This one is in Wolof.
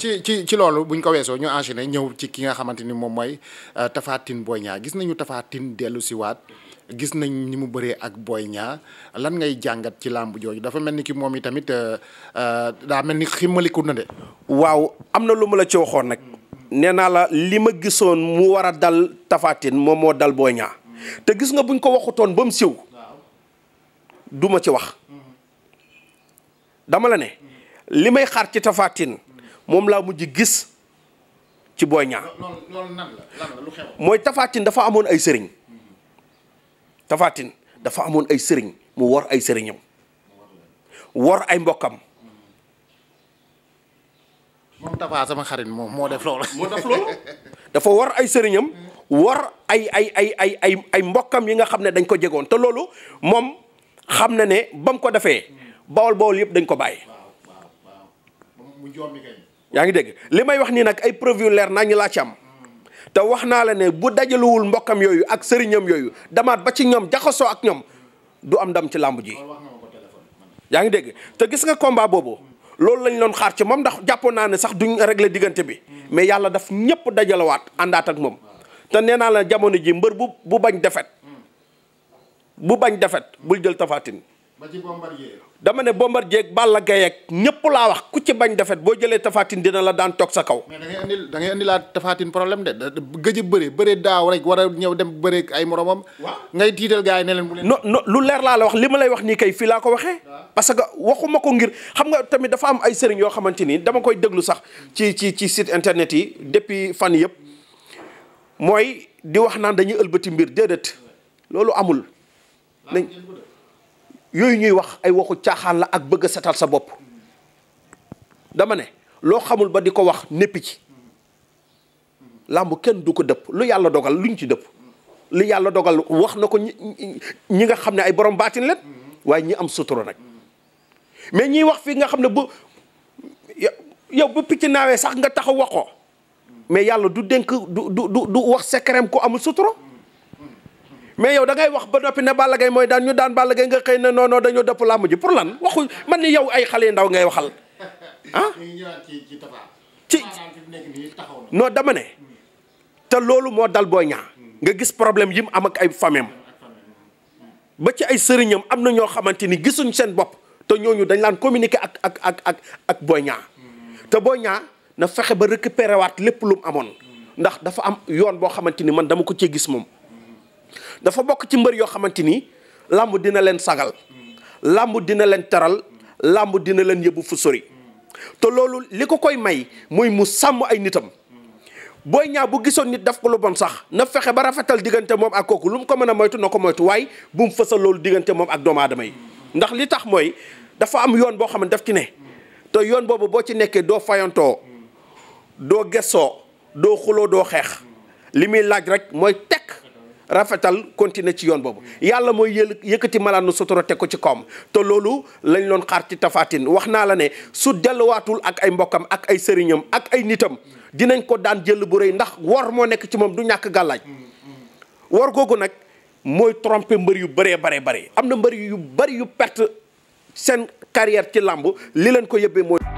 ci ci ci loolu buñ ko weesoo ñu enchaîné ñëw ci ki nga xamante ni moom mooy euh, tafaatin booy ñaa gis nañu tafaatin Tine dellu si waat gis nañ ni mu bëree ak Boy ñaa lan ngay jàngat ci làmb jooju dafa mel ni ki moom i tamit euh, euh, daa mel ni ximmaliku na de. waaw am na lu ma la ci waxoon nag nee naa la li ma gisoon mu war a dal tafaatin moom moo dal Boy Niang te gis nga buñ ko waxutoon ba mu siw duma ci wax mm-hmm. dama la ne li may xaar ci Tapha moom laa mujj gis ci Boy Niang mooy Tapha dafa amoon ay sëriñ Tapha dafa amoon ay sëriñ mu wor ay sëriñam wor ay mbokkam moom sama xarit moom moo def loolu moo dafa wor ay sëriñam wor ay ay ay mbokkam yi nga xam ne dañ ko jegoon te loolu moom xam na ne ba mu ko defee bawol bawol yëpp dañ ko bàyyi. yaa ngi dégg li may wax nii nag ay preuve yu leer nañu laa ci am te wax naa la ne bu dajalewul mbokkam yooyu ak sëriñam yooyu damaat ba ci ñoom jaxasoo ak ñoom du am ndam ci làmb ji. yaa ngi dégg te gis nga combat boobu loolu lañu loon xaar ci moom ndax jàppoon naa ne sax duñ régler diggante bi hmm. mais yàlla daf ñëpp dajalewaat àndaat ak moom te nee naa la jamono ji mbër bu bu bañ defet hmm. bu bañ defet bul jël tafatin ba ci Bombardier dama ne Bombardier ak Balla Gaye ak ñëpp laa wax ku ci bañ defet boo jëlee Tafatine dina la daan toog sa kaw. mais da ngay andi laa Tafatine problème de gëj a bëre daaw rek war a ñëw dem bëreek ay moromam. ngay tiital gaa yi ne leen bu leen. non lu leer laa la wax li ma lay wax nii kay fii laa ko waxee. parce que waxuma ko ngir xam nga tamit dafa am ay sëriñ yoo xamante ni dama koy déglu sax ci ci ci site internet yi depuis fan yëpp mooy di wax naan dañuy ëlbati mbir déedéet loolu amul. yooyu ñuy wax ay waxu caaxaan la ak bëgg a setal sa bopp dama ne loo xamul ba di ko wax néppi ci làmb kenn du ko dëpp lu yàlla dogal lu ñu ci dëpp lu yàlla dogal wax na ko ñi nga xam ne ay borom baatin leen waaye ñi am sutura nag mais ñiy wax fii nga xam ne bu yow bu picc naawee sax nga taxaw wax ko mais yàlla du dénk du du du wax secret ku amul sutura mais yow da ngay wax ba noppi ne Balla Gaye mooy daan ñu daan Balla Gaye nga xëy na non non dañoo dëpp làmb ji pour lan waxu man ni yow ay xale yu ndaw ngay waxal ah. ci ne. te loolu moo dal Boy Niang nga gis problème yi mu am ak ay famem ba ci ay sëriñam am na ñoo xamante ni gisuñ seen bopp te ñooñu dañ laan communiquer ak ak ak ak ak Boy Niang te Boy na fexe ba récupérer waat lépp lu mu amoon ndax dafa am yoon boo xamante ni man dama ko cee gis moom. dafa bokk ci mbër yoo xamante ni làmb dina leen sagal làmb dina leen teral làmb dina leen yóbbu fu sori te loolu li ko koy may muy mu sàmm ay nitam booy ñaar bu gisoon nit daf ko lu bon sax na fexe ba rafetal diggante moom ak kooku lu mu ko mën a moytu na ko moytu waaye bu mu fësal loolu diggante moom ak doomu aadama yi ndax li tax mooy dafa am yoon boo xam ne daf ci ne te yoon boobu boo ci nekkee doo fayantoo doo gessoo doo xuloo doo xeex li muy rafetal continuer ci yoon boobu yàlla mooy yël yëkkati malaanu sutura teg ko ci kawam te loolu lañ loon xaar ci tafaatin wax naa la ne su delluwaatul ak ay mbokkam ak ay sëriñam ak ay nitam dinañ ko daan jël bu rëy ndax wor moo nekk ci moom du ñàkk gàllaaj wor googu nag mooy trompe mbër yu bëree bare bare am na mbër yu bëri yu perte seen carrière ci làmb li leen ko yëbbee mooy